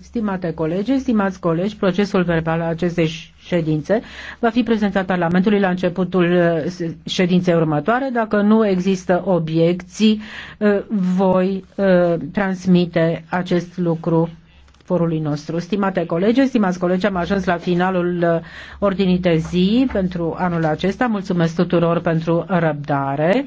Stimate colegi, stimați colegi, procesul verbal al acestei ședințe va fi prezentat Parlamentului la începutul uh, ședinței următoare. Dacă nu există obiecții, uh, voi uh, transmite acest lucru forului nostru. Stimate colegi, stimați colegi, am ajuns la finalul ordinii de zi pentru anul acesta. Mulțumesc tuturor pentru răbdare.